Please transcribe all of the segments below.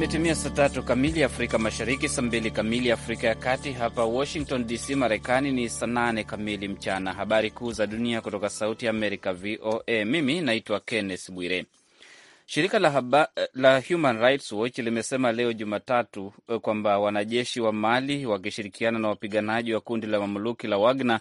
Imetimia saa tatu kamili Afrika Mashariki, saa mbili kamili Afrika ya Kati. Hapa Washington DC, Marekani ni saa nane kamili mchana. Habari kuu za dunia kutoka Sauti Amerika, VOA. Mimi naitwa Kenneth Bwire. Shirika la, haba, la Human Rights Watch limesema leo Jumatatu eh, kwamba wanajeshi wa Mali wakishirikiana na wapiganaji wa kundi la mamluki la Wagner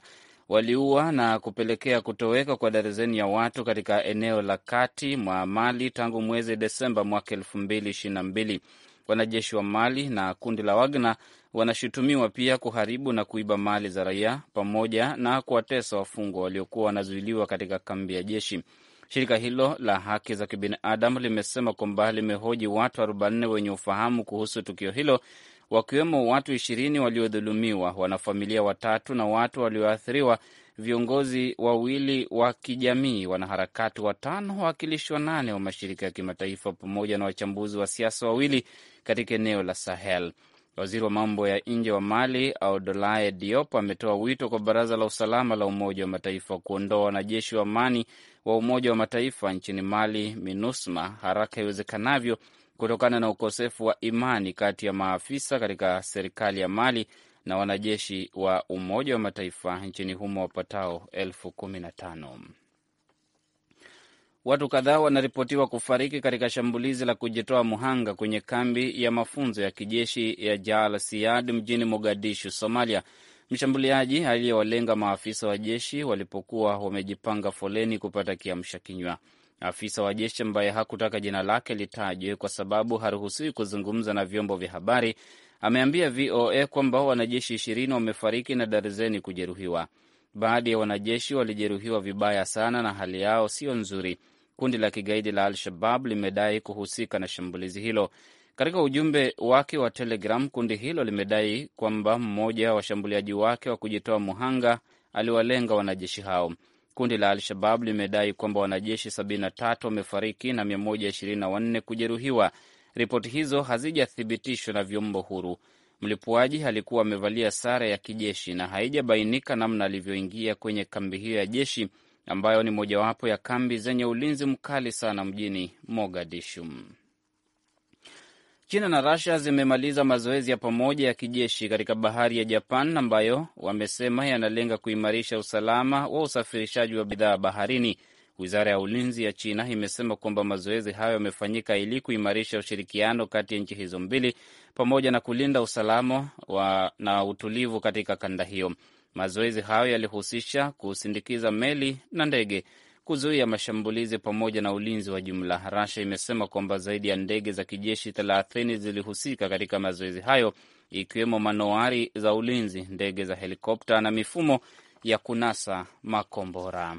waliua na kupelekea kutoweka kwa darazeni ya watu katika eneo la kati mwa Mali tangu mwezi Desemba mwaka elfu mbili ishirini na mbili. Wanajeshi wa Mali na kundi la Wagner wanashutumiwa pia kuharibu na kuiba mali za raia pamoja na kuwatesa wafungwa waliokuwa wanazuiliwa katika kambi ya jeshi. Shirika hilo la haki za kibinadamu limesema kwamba limehoji watu 40 wenye ufahamu kuhusu tukio hilo wakiwemo watu ishirini waliodhulumiwa, wanafamilia watatu na watu walioathiriwa, viongozi wawili wa kijamii, wanaharakati watano, wawakilishi wanane wa mashirika ya kimataifa, pamoja na wachambuzi wa siasa wawili katika eneo la Sahel. Waziri wa mambo ya nje wa Mali Audolae Diop ametoa wito kwa Baraza la Usalama la Umoja wa Mataifa kuondoa wanajeshi wa amani wa Umoja wa Mataifa nchini Mali, MINUSMA, haraka iwezekanavyo kutokana na ukosefu wa imani kati ya maafisa katika serikali ya Mali na wanajeshi wa Umoja wa Mataifa nchini humo wapatao elfu kumi na tano. Watu kadhaa wanaripotiwa kufariki katika shambulizi la kujitoa muhanga kwenye kambi ya mafunzo ya kijeshi ya Jal Siad mjini Mogadishu, Somalia. Mshambuliaji aliyewalenga maafisa wa jeshi walipokuwa wamejipanga foleni kupata kiamsha kinywa afisa wa jeshi ambaye hakutaka jina lake litajwe kwa sababu haruhusiwi kuzungumza na vyombo vya habari ameambia VOA kwamba wanajeshi ishirini wamefariki na darzeni kujeruhiwa. Baadhi ya wanajeshi walijeruhiwa vibaya sana na hali yao siyo nzuri. Kundi la kigaidi la Al-Shabab limedai kuhusika na shambulizi hilo. Katika ujumbe wake wa Telegram, kundi hilo limedai kwamba mmoja wa washambuliaji wake wa kujitoa muhanga aliwalenga wanajeshi hao. Kundi la Al-Shabab limedai kwamba wanajeshi 73 wamefariki na 124 kujeruhiwa. Ripoti hizo hazijathibitishwa na vyombo huru. Mlipuaji alikuwa amevalia sare ya kijeshi na haijabainika namna alivyoingia kwenye kambi hiyo ya jeshi ambayo ni mojawapo ya kambi zenye ulinzi mkali sana mjini Mogadishu. China na rasia zimemaliza mazoezi ya pamoja ya kijeshi katika bahari ya Japan ambayo wamesema yanalenga kuimarisha usalama wa usafirishaji wa bidhaa baharini. Wizara ya ulinzi ya China imesema kwamba mazoezi hayo yamefanyika ili kuimarisha ushirikiano kati ya nchi hizo mbili pamoja na kulinda usalama wa na utulivu katika kanda hiyo. Mazoezi hayo yalihusisha kusindikiza meli na ndege kuzuia mashambulizi pamoja na ulinzi wa jumla. Rasha imesema kwamba zaidi ya ndege za kijeshi thelathini zilihusika katika mazoezi hayo, ikiwemo manowari za ulinzi, ndege za helikopta na mifumo ya kunasa makombora.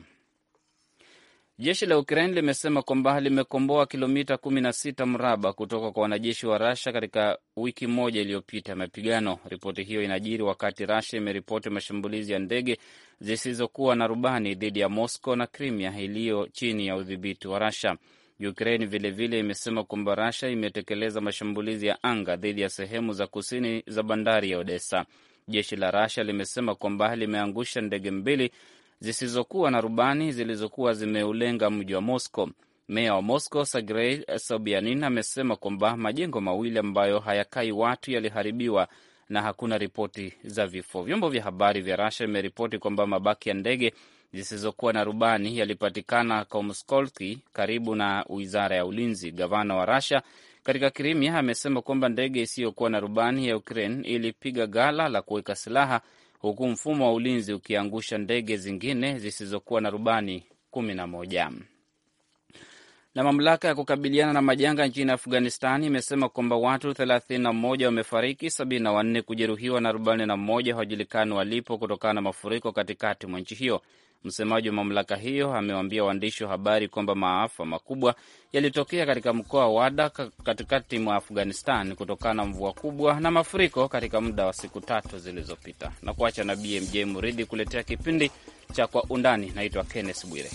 Jeshi la Ukraine limesema kwamba limekomboa kilomita 16 mraba kutoka kwa wanajeshi wa Rasha katika wiki moja iliyopita ya mapigano. Ripoti hiyo inajiri wakati Rasha imeripoti mashambulizi ya ndege zisizokuwa na rubani dhidi ya Moscow na Crimea iliyo chini ya udhibiti wa Rasha. Ukraine vilevile imesema kwamba Rasha imetekeleza mashambulizi ya anga dhidi ya sehemu za kusini za bandari ya Odessa. Jeshi la Rasha limesema kwamba limeangusha ndege mbili zisizokuwa na rubani zilizokuwa zimeulenga mji wa Moscow. Meya wa Moscow Sergei Sobyanin amesema kwamba majengo mawili ambayo hayakai watu yaliharibiwa na hakuna ripoti za vifo. Vyombo vya habari vya Russia vimeripoti kwamba mabaki ya ndege zisizokuwa na rubani yalipatikana Komskolki, karibu na wizara ya ulinzi. Gavana wa Russia katika Krimia amesema kwamba ndege isiyokuwa na rubani ya Ukraine ilipiga ghala la kuweka silaha huku mfumo wa ulinzi ukiangusha ndege zingine zisizokuwa na rubani kumi na moja. Na mamlaka ya kukabiliana na majanga nchini Afghanistan imesema kwamba watu 31 wamefariki, 74 kujeruhiwa na 41 hawajulikani walipo kutokana na mafuriko katikati mwa nchi hiyo. Msemaji wa mamlaka hiyo amewaambia waandishi wa habari kwamba maafa makubwa yalitokea katika mkoa wa Wada katikati mwa Afghanistan kutokana na mvua kubwa na mafuriko katika muda wa siku tatu zilizopita. Na kuacha na BMJ Muridhi kuletea kipindi cha Kwa Undani. Naitwa Kenneth Bwire.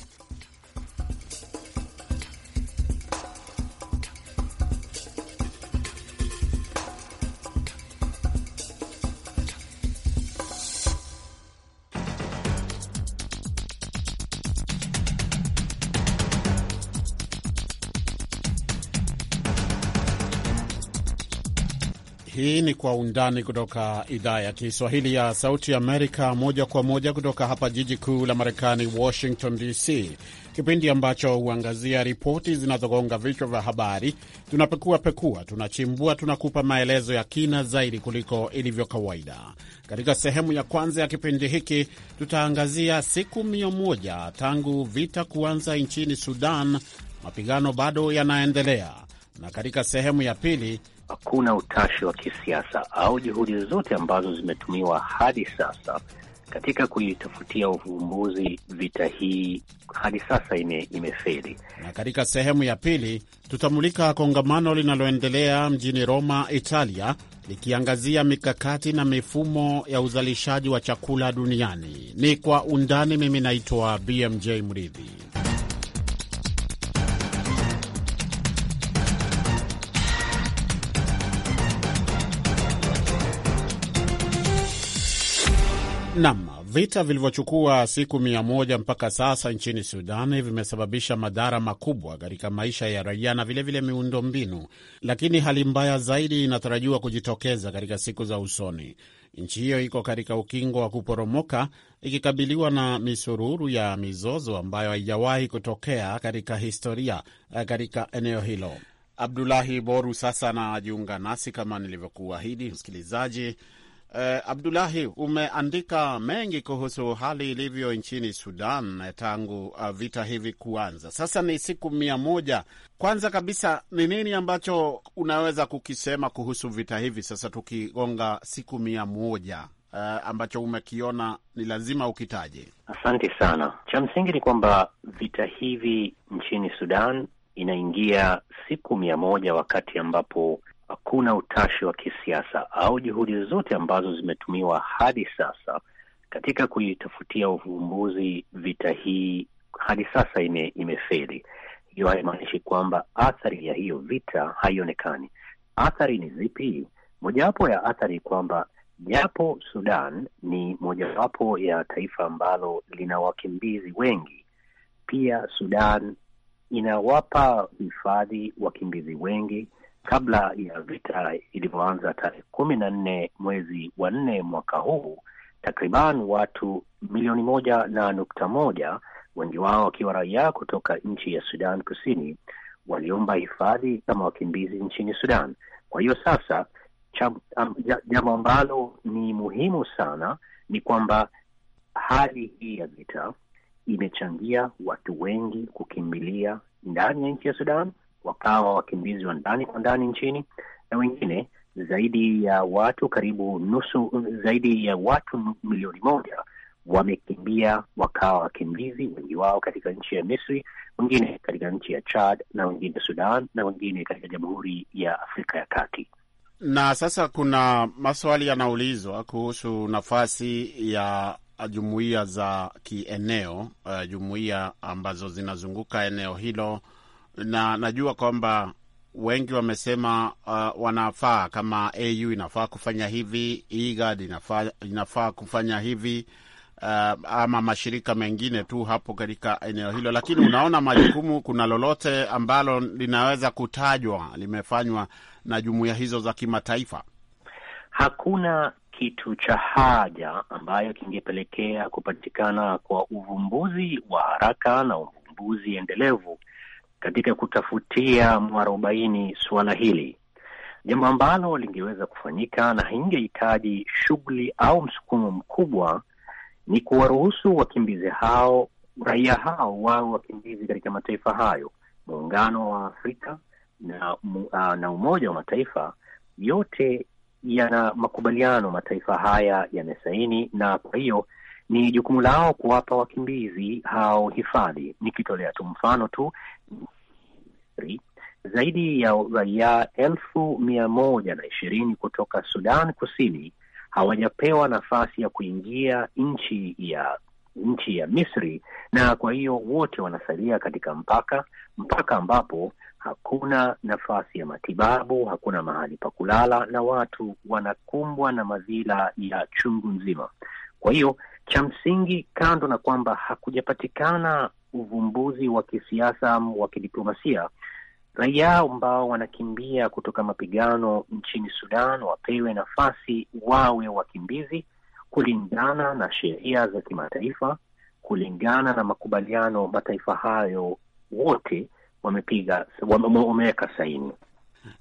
Kwa Undani kutoka idhaa ya Kiswahili ya Sauti Amerika, moja kwa moja kutoka hapa jiji kuu la Marekani, Washington DC, kipindi ambacho huangazia ripoti zinazogonga vichwa vya habari. Tunapekua pekua, tunachimbua, tunakupa maelezo ya kina zaidi kuliko ilivyo kawaida. Katika sehemu ya kwanza ya kipindi hiki, tutaangazia siku mia moja tangu vita kuanza nchini Sudan. Mapigano bado yanaendelea, na katika sehemu ya pili hakuna utashi wa kisiasa au juhudi zote ambazo zimetumiwa hadi sasa katika kuitafutia ufumbuzi vita hii hadi sasa ime, imefeli. Na katika sehemu ya pili tutamulika kongamano linaloendelea mjini Roma, Italia, likiangazia mikakati na mifumo ya uzalishaji wa chakula duniani. Ni kwa undani. Mimi naitwa BMJ Mridhi. Nam, vita vilivyochukua siku mia moja mpaka sasa nchini Sudani vimesababisha madhara makubwa katika maisha ya raia na vilevile miundo mbinu lakini hali mbaya zaidi inatarajiwa kujitokeza katika siku za usoni. Nchi hiyo iko katika ukingo wa kuporomoka ikikabiliwa na misururu ya mizozo ambayo haijawahi kutokea katika historia eh, katika eneo hilo. Abdulahi Boru sasa anajiunga nasi kama nilivyokuahidi, msikilizaji Uh, eh, Abdulahi, umeandika mengi kuhusu hali ilivyo nchini Sudan eh, tangu eh, vita hivi kuanza. Sasa ni siku mia moja. Kwanza kabisa ni nini ambacho unaweza kukisema kuhusu vita hivi sasa tukigonga siku mia moja? Uh, ambacho umekiona ni lazima ukitaje. Asante sana. Cha msingi ni kwamba vita hivi nchini Sudan inaingia siku mia moja wakati ambapo hakuna utashi wa kisiasa au juhudi zote ambazo zimetumiwa hadi sasa katika kuitafutia uvumbuzi vita hii hadi sasa ime, imefeli. Hiyo haimaanishi kwamba athari ya hiyo vita haionekani. Athari ni zipi? Mojawapo ya athari kwamba japo Sudan ni mojawapo ya taifa ambalo lina wakimbizi wengi, pia Sudan inawapa hifadhi wakimbizi wengi kabla ya vita ilivyoanza tarehe kumi na nne mwezi wa nne mwaka huu, takriban watu milioni moja na nukta moja, wengi wao wakiwa raia kutoka nchi ya Sudan Kusini, waliomba hifadhi kama wakimbizi nchini Sudan. Kwa hiyo sasa jambo ambalo ni muhimu sana ni kwamba hali hii ya vita imechangia watu wengi kukimbilia ndani ya nchi ya Sudan wakawa wakimbizi wa ndani kwa ndani nchini na wengine zaidi ya watu karibu nusu, zaidi ya watu milioni moja wamekimbia wakawa wakimbizi, wengi wao katika nchi ya Misri, wengine katika nchi ya Chad na wengine Sudan na wengine katika Jamhuri ya Afrika ya Kati. Na sasa kuna maswali yanaulizwa kuhusu nafasi ya jumuiya za kieneo, uh, jumuiya ambazo zinazunguka eneo hilo na najua kwamba wengi wamesema uh, wanafaa kama AU inafaa kufanya hivi, IGAD inafaa, inafaa kufanya hivi uh, ama mashirika mengine tu hapo katika eneo hilo, lakini unaona majukumu, kuna lolote ambalo linaweza kutajwa limefanywa na jumuiya hizo za kimataifa? Hakuna kitu cha haja ambayo kingepelekea kupatikana kwa uvumbuzi wa haraka na uvumbuzi endelevu katika kutafutia mwarobaini suala hili, jambo ambalo lingeweza kufanyika na haingehitaji shughuli au msukumo mkubwa. Ni kuwaruhusu wakimbizi hao, raia hao wawe wakimbizi katika mataifa hayo. Muungano wa Afrika na, uh, na Umoja wa Mataifa yote yana makubaliano, mataifa haya yamesaini, na kwa hiyo ni jukumu lao kuwapa wakimbizi hao hifadhi. Nikitolea tu mfano tu Misri, zaidi ya raia elfu mia moja na ishirini kutoka Sudan Kusini hawajapewa nafasi ya kuingia nchi ya nchi ya Misri, na kwa hiyo wote wanasalia katika mpaka mpaka ambapo hakuna nafasi ya matibabu, hakuna mahali pa kulala, na watu wanakumbwa na madhila ya chungu nzima. Kwa hiyo cha msingi, kando na kwamba hakujapatikana uvumbuzi wa kisiasa wa kidiplomasia raia ambao wanakimbia kutoka mapigano nchini Sudan wapewe nafasi wawe wakimbizi kulingana na sheria za kimataifa, kulingana na makubaliano mataifa hayo wote wamepiga wameweka saini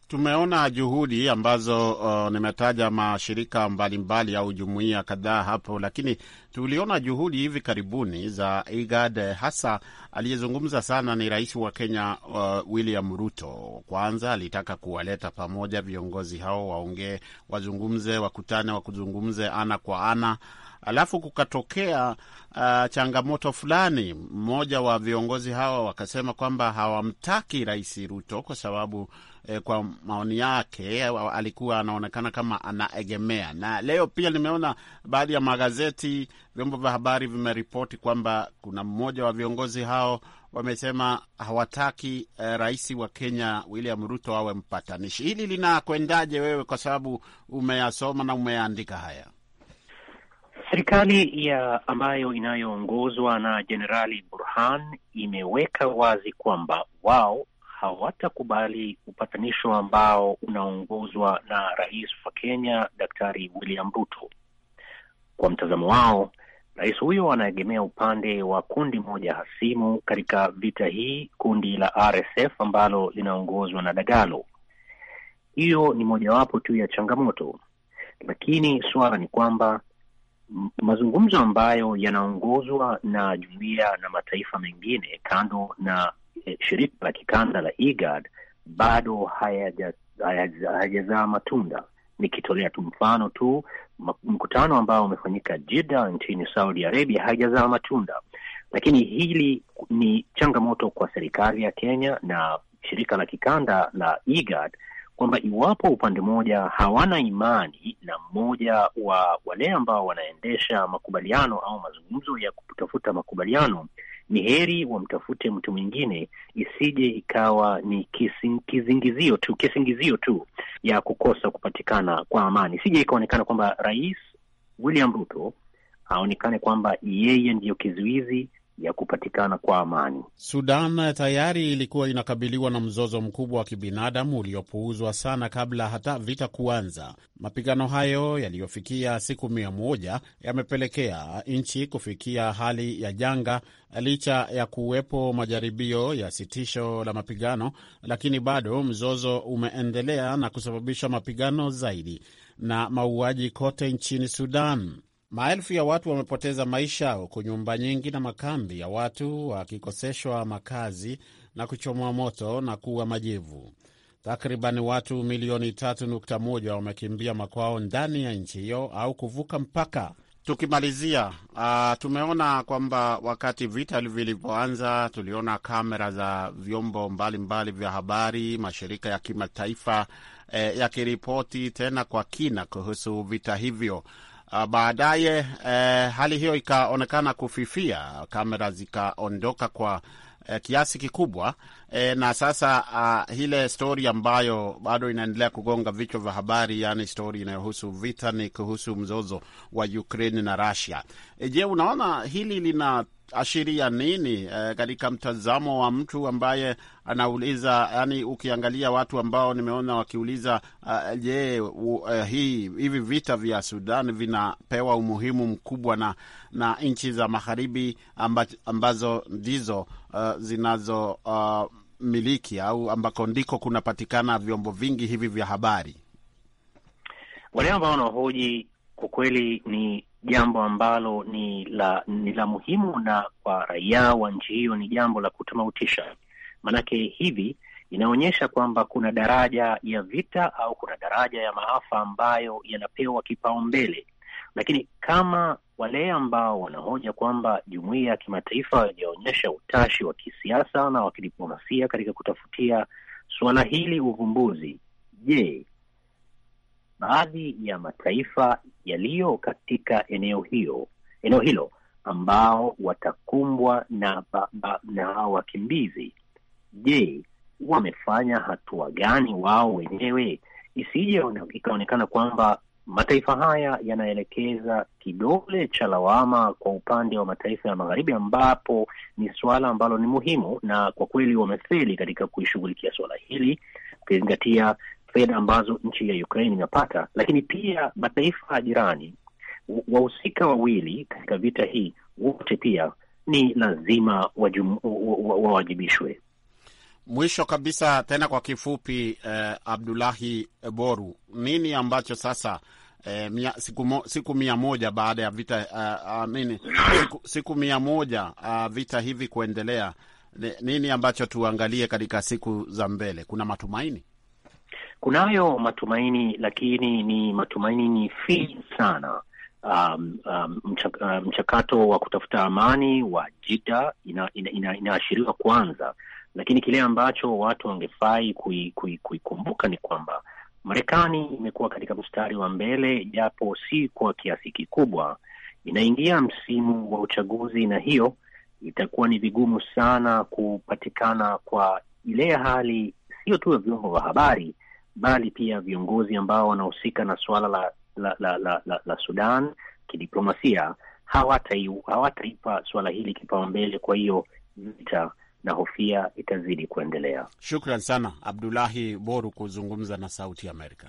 tumeona juhudi ambazo uh, nimetaja mashirika mbalimbali au jumuiya kadhaa hapo, lakini tuliona juhudi hivi karibuni za IGAD, hasa aliyezungumza sana ni rais wa Kenya uh, William Ruto. Kwanza alitaka kuwaleta pamoja viongozi hao waongee, wazungumze, wakutane, wakuzungumze ana kwa ana alafu kukatokea uh, changamoto fulani. Mmoja wa viongozi hawa wakasema kwamba hawamtaki Rais Ruto kwa sababu eh, kwa maoni yake alikuwa anaonekana kama anaegemea. Na leo pia nimeona baadhi ya magazeti, vyombo vya habari vimeripoti kwamba kuna mmoja wa viongozi hao wamesema hawataki eh, rais wa Kenya William Ruto awe mpatanishi. Hili linakwendaje wewe, kwa sababu umeyasoma na umeyaandika haya? Serikali ya ambayo inayoongozwa na Jenerali Burhan imeweka wazi kwamba wao hawatakubali upatanisho ambao unaongozwa na rais wa Kenya Daktari William Ruto. Kwa mtazamo wao, rais huyo anaegemea upande wa kundi moja hasimu katika vita hii, kundi la RSF ambalo linaongozwa na Dagalo. Hiyo ni mojawapo tu ya changamoto, lakini suala ni kwamba mazungumzo ambayo yanaongozwa na jumuiya na mataifa mengine kando na E, shirika la kikanda la IGAD bado hayajazaa matunda. Nikitolea tu mfano tu mkutano ambao umefanyika Jida nchini Saudi Arabia haijazaa matunda, lakini hili ni changamoto kwa serikali ya Kenya na shirika la kikanda la IGAD kwamba iwapo upande mmoja hawana imani na mmoja wa wale ambao wanaendesha makubaliano au mazungumzo ya kutafuta makubaliano ni heri wamtafute mtu mwingine, isije ikawa ni kizingizio tu, kisingizio tu ya kukosa kupatikana kwa amani, isije ikaonekana kwamba Rais William Ruto aonekane kwamba yeye ndiyo kizuizi ya kupatikana kwa amani. Sudan tayari ilikuwa inakabiliwa na mzozo mkubwa wa kibinadamu uliopuuzwa sana kabla hata vita kuanza. Mapigano hayo yaliyofikia siku mia moja yamepelekea nchi kufikia hali ya janga, licha ya kuwepo majaribio ya sitisho la mapigano, lakini bado mzozo umeendelea na kusababisha mapigano zaidi na mauaji kote nchini Sudan. Maelfu ya watu wamepoteza maisha huku nyumba nyingi na makambi ya watu wakikoseshwa makazi na kuchomwa moto na kuwa majivu. Takriban watu milioni 3.1 wamekimbia makwao ndani ya nchi hiyo au kuvuka mpaka. Tukimalizia uh, tumeona kwamba wakati vita vilivyoanza, tuliona kamera za vyombo mbalimbali vya habari, mashirika ya kimataifa eh, yakiripoti tena kwa kina kuhusu vita hivyo. Ah, baadaye eh, hali hiyo ikaonekana kufifia, kamera zikaondoka kwa eh, kiasi kikubwa E, na sasa uh, ile stori ambayo bado inaendelea kugonga vichwa vya habari, yani stori inayohusu vita ni kuhusu mzozo wa Ukraine na Russia. E, je, unaona hili linaashiria nini e, katika mtazamo wa mtu ambaye anauliza, yani ukiangalia watu ambao nimeona wakiuliza uh, je, uh, hii hivi vita vya Sudan vinapewa umuhimu mkubwa na, na nchi za magharibi ambazo ndizo uh, zinazo uh, miliki au ambako ndiko kunapatikana vyombo vingi hivi vya habari? Wale ambao wanahoji kwa kweli ni jambo ambalo ni la, ni la muhimu, na kwa raia wa nchi hiyo ni jambo la kutamausha. Maanake hivi inaonyesha kwamba kuna daraja ya vita au kuna daraja ya maafa ambayo yanapewa kipaumbele lakini kama wale ambao wanahoja kwamba jumuiya ya kimataifa haijaonyesha utashi wa kisiasa na wa kidiplomasia katika kutafutia suala hili uvumbuzi, je, baadhi ya mataifa yaliyo katika eneo hiyo eneo hilo ambao watakumbwa na, ba, ba, na wakimbizi, je, wamefanya hatua gani wao wenyewe isije ikaonekana kwamba Mataifa haya yanaelekeza kidole cha lawama kwa upande wa mataifa ya magharibi, ambapo ni suala ambalo ni muhimu, na kwa kweli wamefeli katika kuishughulikia suala hili, ukizingatia fedha ambazo nchi ya Ukraine inapata, lakini pia mataifa jirani, wahusika wawili katika vita hii, wote pia ni lazima wawajibishwe. Mwisho kabisa tena kwa kifupi, eh, Abdulahi Boru, nini ambacho sasa eh, mia, siku, mo, siku mia moja baada ya vita uh, uh, nini, siku, siku mia moja uh, vita hivi kuendelea, nini ambacho tuangalie katika siku za mbele? Kuna matumaini? Kunayo matumaini, lakini ni matumaini ni fi sana. Um, um, uh, mchakato wa kutafuta amani wa Jida inaashiriwa ina, ina, ina kwanza lakini kile ambacho watu wangefai kuikumbuka kui, ni kwamba Marekani imekuwa katika mstari wa mbele, japo si kwa kiasi kikubwa. Inaingia msimu wa uchaguzi, na hiyo itakuwa ni vigumu sana kupatikana kwa ile hali, sio tu ya vyombo vya habari, bali pia viongozi ambao wanahusika na suala la, la, la, la, la, la Sudan kidiplomasia hawataipa hawata suala hili kipaumbele. Kwa hiyo vita na hofia itazidi kuendelea. Shukran sana Abdulahi Boru kuzungumza na Sauti Amerika.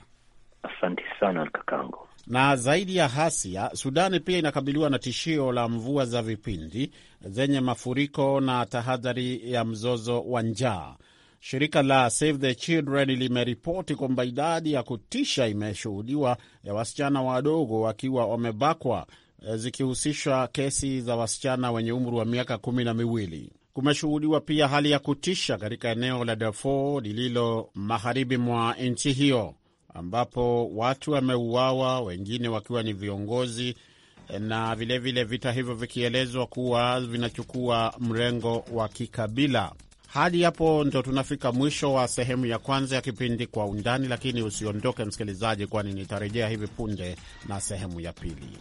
Asante sana kakango. Na zaidi ya hasia, Sudani pia inakabiliwa na tishio la mvua za vipindi zenye mafuriko na tahadhari ya mzozo wa njaa. Shirika la Save the Children limeripoti kwamba idadi ya kutisha imeshuhudiwa ya wasichana wadogo wakiwa wamebakwa, eh, zikihusishwa kesi za wasichana wenye umri wa miaka kumi na miwili. Kumeshuhudiwa pia hali ya kutisha katika eneo la Darfur lililo magharibi mwa nchi hiyo ambapo watu wameuawa, wengine wakiwa ni viongozi, na vilevile vile vita hivyo vikielezwa kuwa vinachukua mrengo wa kikabila. Hadi hapo ndo tunafika mwisho wa sehemu ya kwanza ya kipindi Kwa Undani, lakini usiondoke msikilizaji, kwani nitarejea hivi punde na sehemu ya pili.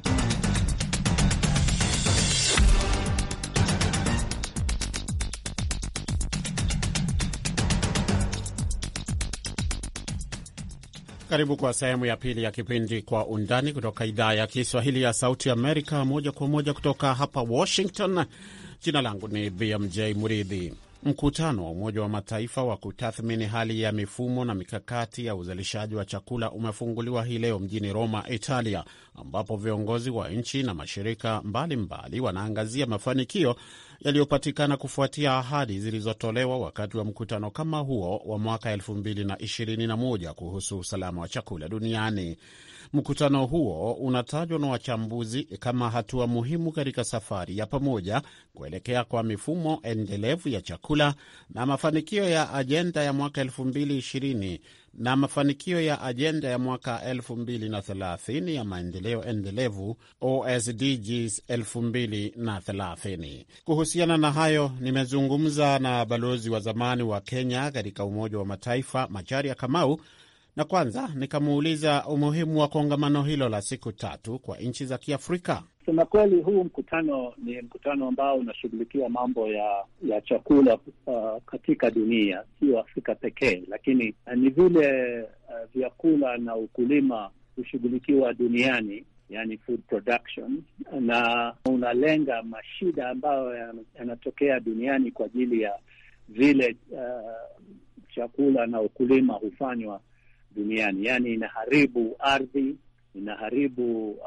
Karibu kwa sehemu ya pili ya kipindi Kwa Undani kutoka idhaa ya Kiswahili ya Sauti Amerika, moja kwa moja kutoka hapa Washington. Jina langu ni BMJ Muridhi. Mkutano wa Umoja wa Mataifa wa kutathmini hali ya mifumo na mikakati ya uzalishaji wa chakula umefunguliwa hii leo mjini Roma, Italia, ambapo viongozi wa nchi na mashirika mbalimbali mbali wanaangazia mafanikio yaliyopatikana kufuatia ahadi zilizotolewa wakati wa mkutano kama huo wa mwaka 2021 kuhusu usalama wa chakula duniani. Mkutano huo unatajwa na wachambuzi kama hatua muhimu katika safari ya pamoja kuelekea kwa mifumo endelevu ya chakula na mafanikio ya ajenda ya mwaka na mafanikio ya ajenda ya mwaka 2030 ya maendeleo endelevu OSDGs 2030. Kuhusiana na hayo, nimezungumza na balozi wa zamani wa Kenya katika Umoja wa Mataifa Macharia Kamau, na kwanza nikamuuliza umuhimu wa kongamano hilo la siku tatu kwa nchi za Kiafrika. Kusema kweli, huu mkutano ni mkutano ambao unashughulikia mambo ya ya chakula uh, katika dunia, sio Afrika pekee, lakini uh, ni vile uh, vyakula na ukulima hushughulikiwa duniani, yani food production, na unalenga mashida ambayo yanatokea duniani kwa ajili ya vile uh, chakula na ukulima hufanywa duniani, yani inaharibu ardhi, inaharibu uh,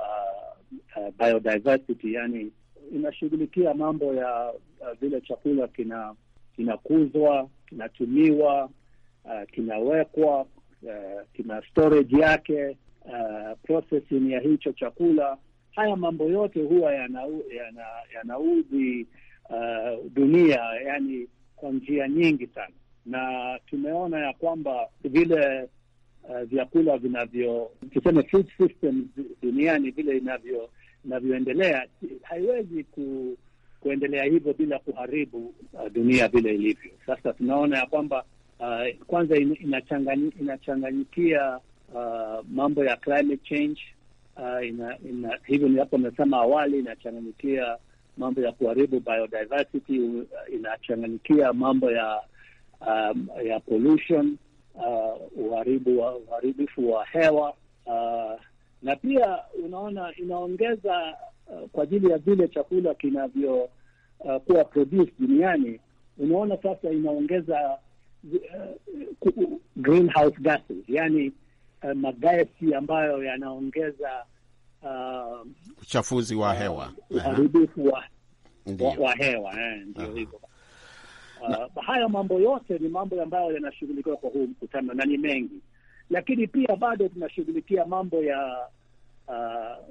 uh, biodiversity, yani inashughulikia mambo ya uh, vile chakula kina kinakuzwa, kinatumiwa, uh, kinawekwa, uh, kina storage yake, uh, processing ya hicho chakula. Haya mambo yote huwa yanaudhi yana, yana uh, dunia yani kwa njia nyingi sana, na tumeona ya kwamba vile Eh, vyakula vinavyo tuseme food duniani vile inavyo inavyoendelea haiwezi ku, kuendelea hivyo bila kuharibu uh, dunia vile ilivyo sasa. Tunaona ya kwamba uh, kwanza inachanganyikia inachangani, uh, mambo ya climate change uh, ina, ina, hivyo niapo nasema awali inachanganyikia mambo ya kuharibu biodiversity, uh, inachanganyikia mambo ya um, ya pollution Uh, uharibifu uh, wa, wa hewa uh, na pia unaona inaongeza uh, kwa ajili ya vile chakula kinavyokuwa uh, produce duniani, unaona sasa inaongeza uh, greenhouse gases, yani uh, magasi ambayo yanaongeza uh, uchafuzi wa hewa uh, uharibifu wa, wa, wa hewa eh, ndio hivyo. Uh, haya mambo yote ni mambo ambayo yanashughulikiwa kwa huu mkutano na ni mengi, lakini pia bado tunashughulikia mambo ya uh,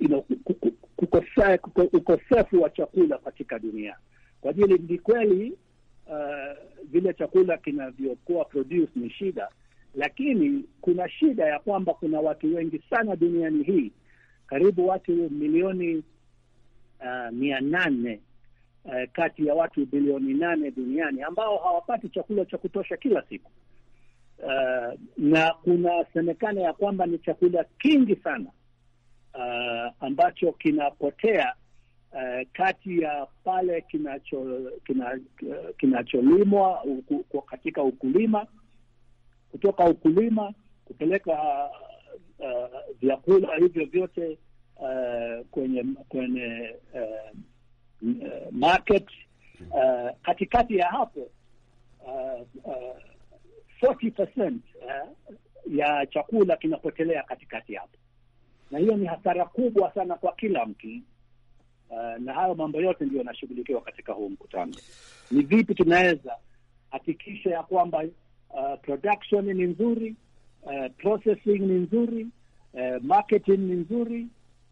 ino, know, ukosefu wa chakula katika dunia kwa ajili ni kweli uh, vile chakula kinavyokuwa produce ni shida, lakini kuna shida ya kwamba kuna watu wengi sana duniani hii, karibu watu milioni uh, mia nane eh, kati ya watu bilioni nane duniani ambao hawapati chakula cha kutosha kila siku. Uh, na kunasemekana ya kwamba ni chakula kingi sana uh, ambacho kinapotea uh, kati ya pale kinacholimwa kina, katika ukulima, kutoka ukulima kupeleka uh, vyakula hivyo vyote uh, kwenye kwenye uh, Uh, market uh, katikati ya hapo uh, uh, 40% uh, ya chakula kinapotelea katikati hapo, na hiyo ni hasara kubwa sana kwa kila mtu uh, na hayo mambo yote ndio yanashughulikiwa katika huu mkutano. Ni vipi tunaweza hakikisha ya kwamba uh, production ni nzuri, uh, processing ni nzuri, uh, marketing ni nzuri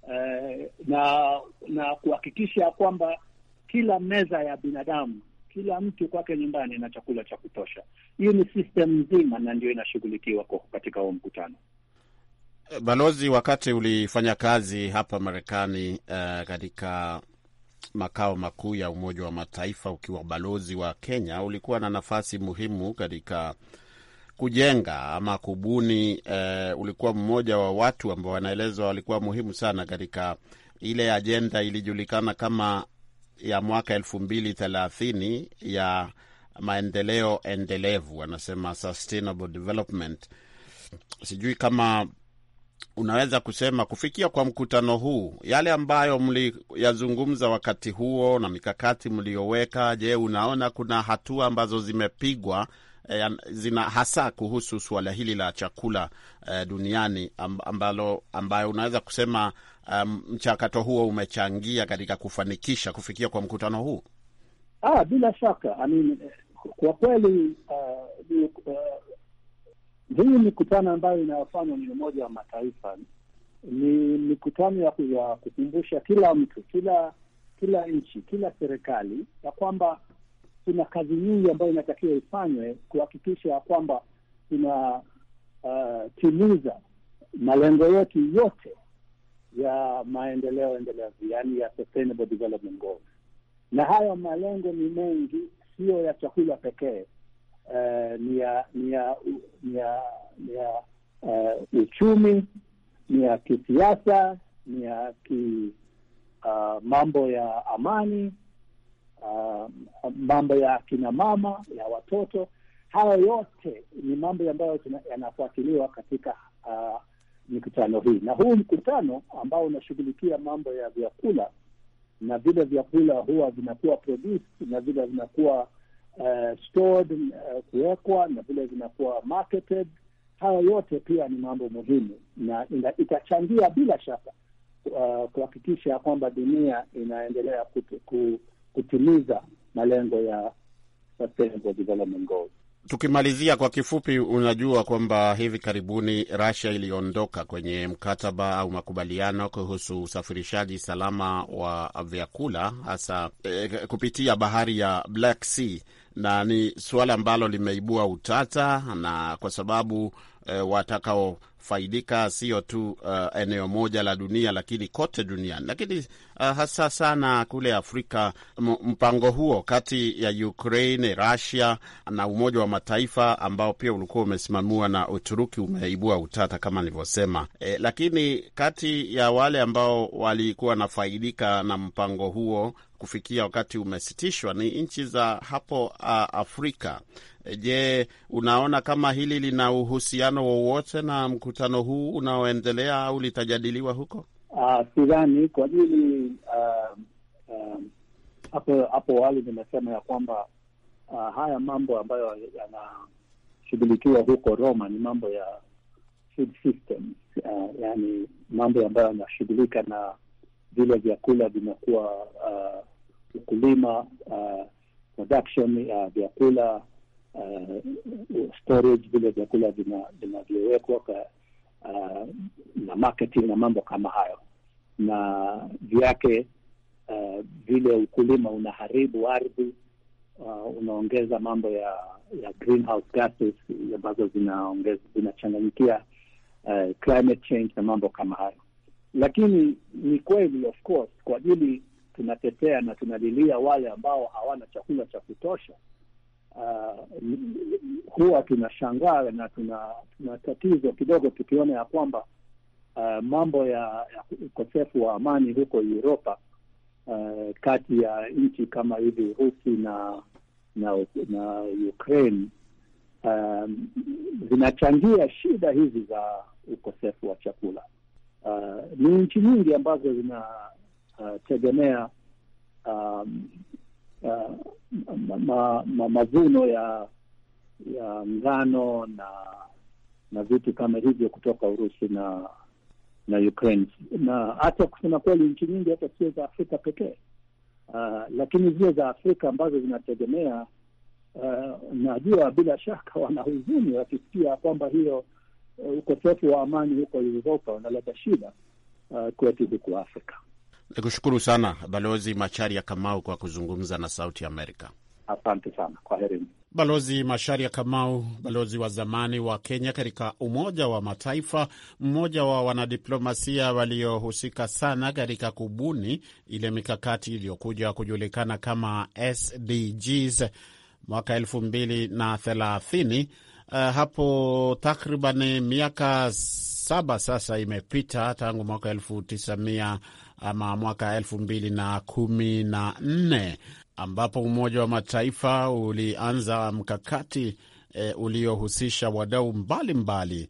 Eh, na na kuhakikisha kwamba kila meza ya binadamu, kila mtu kwake nyumbani na chakula cha kutosha. Hiyo ni system nzima, na ndio inashughulikiwa katika huo mkutano. Eh, balozi, wakati ulifanya kazi hapa Marekani uh, katika makao makuu ya Umoja wa Mataifa ukiwa balozi wa Kenya, ulikuwa na nafasi muhimu katika kujenga ama kubuni e, ulikuwa mmoja wa watu ambao wanaelezwa walikuwa muhimu sana katika ile ajenda ilijulikana kama ya mwaka elfu mbili thelathini ya maendeleo endelevu, wanasema sustainable development. Sijui kama unaweza kusema kufikia kwa mkutano huu, yale ambayo mliyazungumza wakati huo na mikakati mliyoweka, je, unaona kuna hatua ambazo zimepigwa eh, zina hasa kuhusu suala hili la chakula eh, duniani ambalo ambayo unaweza kusema mchakato um, huo umechangia katika kufanikisha kufikia kwa mkutano huu? Ah, bila shaka I mean, kwa kweli uh, uh, hii mikutano ambayo inayofanywa ni Umoja wa Mataifa ni mikutano ya kukumbusha kila mtu, kila kila nchi, kila serikali ya kwamba kuna kazi nyingi ambayo inatakiwa ifanywe kuhakikisha kwamba tunatimiza uh, malengo yetu yote ya maendeleo endelevu, yani ya sustainable development goals, na hayo malengo ni mengi, sio ya chakula pekee. Uh, ni ya ni ya ni ya, ni ya uh, uchumi, ni ya kisiasa, ni ya ki, uh, mambo ya amani uh, mambo ya akina mama ya watoto. Hayo yote ni mambo ambayo yanafuatiliwa katika uh, mikutano hii, na huu mkutano ambao unashughulikia mambo ya vyakula na vile vyakula huwa vinakuwa produced na vile vinakuwa uh, stored uh, kuwekwa na vile vinakuwa marketed. Hayo yote pia ni mambo muhimu na itachangia bila shaka uh, kuhakikisha kwamba dunia inaendelea kutimiza malengo ya sustainable development goals. Tukimalizia kwa kifupi, unajua kwamba hivi karibuni Russia iliondoka kwenye mkataba au makubaliano kuhusu usafirishaji salama wa vyakula hasa e, kupitia bahari ya Black Sea, na ni suala ambalo limeibua utata, na kwa sababu e, watakao faidika sio tu uh, eneo moja la dunia, lakini kote duniani, lakini uh, hasa sana kule Afrika. Mpango huo kati ya Ukraine, Russia na Umoja wa Mataifa ambao pia ulikuwa umesimamiwa na Uturuki umeibua utata kama nilivyosema. E, lakini kati ya wale ambao walikuwa nafaidika na mpango huo kufikia wakati umesitishwa ni nchi za hapo Afrika. Je, unaona kama hili lina uhusiano wowote na mkutano huu unaoendelea au litajadiliwa huko? Sidhani uh, kwa ajili hapo uh, uh, awali nimesema ya kwamba uh, haya mambo ambayo yanashughulikiwa huko Roma ni mambo ya food uh, yani mambo ambayo yanashughulika na vile vyakula uh, ukulima, uh, production ya uh, vyakula uh, storage, vile vyakula vinavyowekwa uh, na marketing na mambo kama hayo, na vyake uh, vile ukulima unaharibu ardhi uh, unaongeza mambo ya ya greenhouse gases ambazo zinachanganyikia uh, climate change na mambo kama hayo. Lakini ni kweli of course, kwa ajili tunatetea na tunalilia wale ambao hawana chakula cha kutosha. Uh, huwa tunashangaa na tuna, tuna tatizo kidogo tukiona ya kwamba uh, mambo ya, ya ukosefu wa amani huko Uropa uh, kati ya nchi kama hivi Urusi na na, na Ukraine um, zinachangia shida hizi za ukosefu wa chakula. Uh, ni nchi nyingi ambazo zinategemea uh, um, uh, ma, ma, ma, mavuno ya ya ngano na na vitu kama hivyo kutoka Urusi na na Ukraine na hata kusema kweli nchi nyingi hata sio za Afrika pekee uh, lakini zile za Afrika ambazo zinategemea uh, najua bila shaka wana huzuni wakisikia kwamba hiyo ukosefu wa amani huko Uropa unaleta shida uh, kwetu huku Afrika. Nikushukuru sana Balozi Macharia Kamau kwa kuzungumza na Sauti Amerika. Asante sana, kwa heri. Balozi Macharia Kamau, balozi wa zamani wa Kenya katika Umoja wa Mataifa, mmoja wa wanadiplomasia waliohusika sana katika kubuni ile mikakati iliyokuja kujulikana kama SDGs mwaka elfu mbili na thelathini uh, hapo takriban miaka saba sasa imepita tangu mwaka elfu tisa mia ama mwaka elfu mbili na kumi na nne ambapo Umoja wa Mataifa ulianza mkakati e, uliohusisha wadau mbalimbali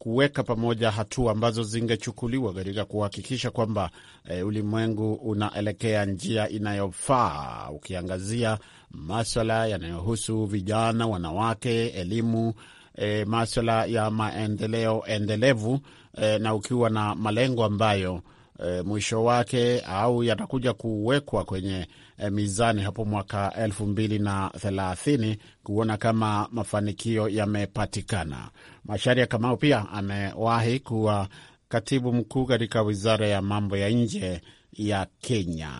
kuweka pamoja hatua ambazo zingechukuliwa katika kuhakikisha kwamba e, ulimwengu unaelekea njia inayofaa, ukiangazia maswala yanayohusu vijana, wanawake, elimu, e, maswala ya maendeleo endelevu e, na ukiwa na malengo ambayo e, mwisho wake au yatakuja kuwekwa kwenye Eh, mizani hapo mwaka elfu mbili na thelathini kuona kama mafanikio yamepatikana. masharia Kamau pia amewahi kuwa katibu mkuu katika wizara ya mambo ya nje ya Kenya.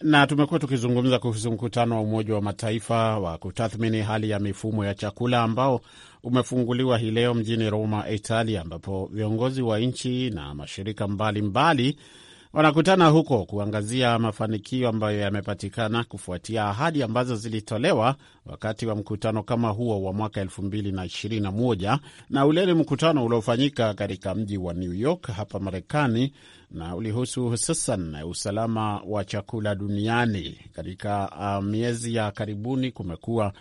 Na tumekuwa tukizungumza kuhusu mkutano wa Umoja wa Mataifa wa kutathmini hali ya mifumo ya chakula ambao umefunguliwa hii leo mjini Roma, Italia, ambapo viongozi wa nchi na mashirika mbalimbali mbali wanakutana huko kuangazia mafanikio ambayo yamepatikana kufuatia ahadi ambazo zilitolewa wakati wa mkutano kama huo wa mwaka 2021 na ule ni mkutano uliofanyika katika mji wa New York hapa Marekani na ulihusu hususan usalama wa chakula duniani. Katika ah, miezi ya karibuni kumekuwa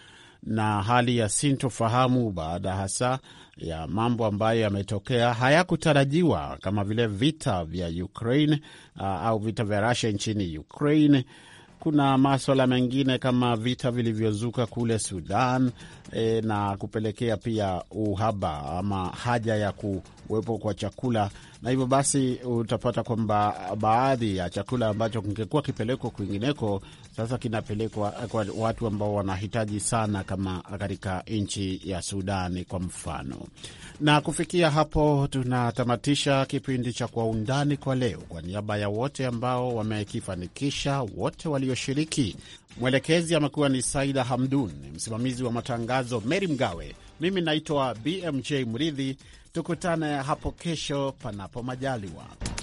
na hali ya sintofahamu baada hasa ya mambo ambayo yametokea hayakutarajiwa kama vile vita vya Ukraine uh, au vita vya Russia nchini Ukraine. Kuna maswala mengine kama vita vilivyozuka kule Sudan e, na kupelekea pia uhaba ama haja ya kuwepo kwa chakula na hivyo basi utapata kwamba baadhi ya chakula ambacho kingekuwa kipelekwa kwingineko sasa kinapelekwa kwa watu ambao wanahitaji sana, kama katika nchi ya Sudani kwa mfano. Na kufikia hapo, tunatamatisha kipindi cha Kwa Undani kwa leo. Kwa niaba ya wote ambao wamekifanikisha, wote walioshiriki, mwelekezi amekuwa ni Saida Hamdun, msimamizi wa matangazo Meri Mgawe, mimi naitwa BMJ Mridhi. Tukutane hapo kesho, panapo majaliwa.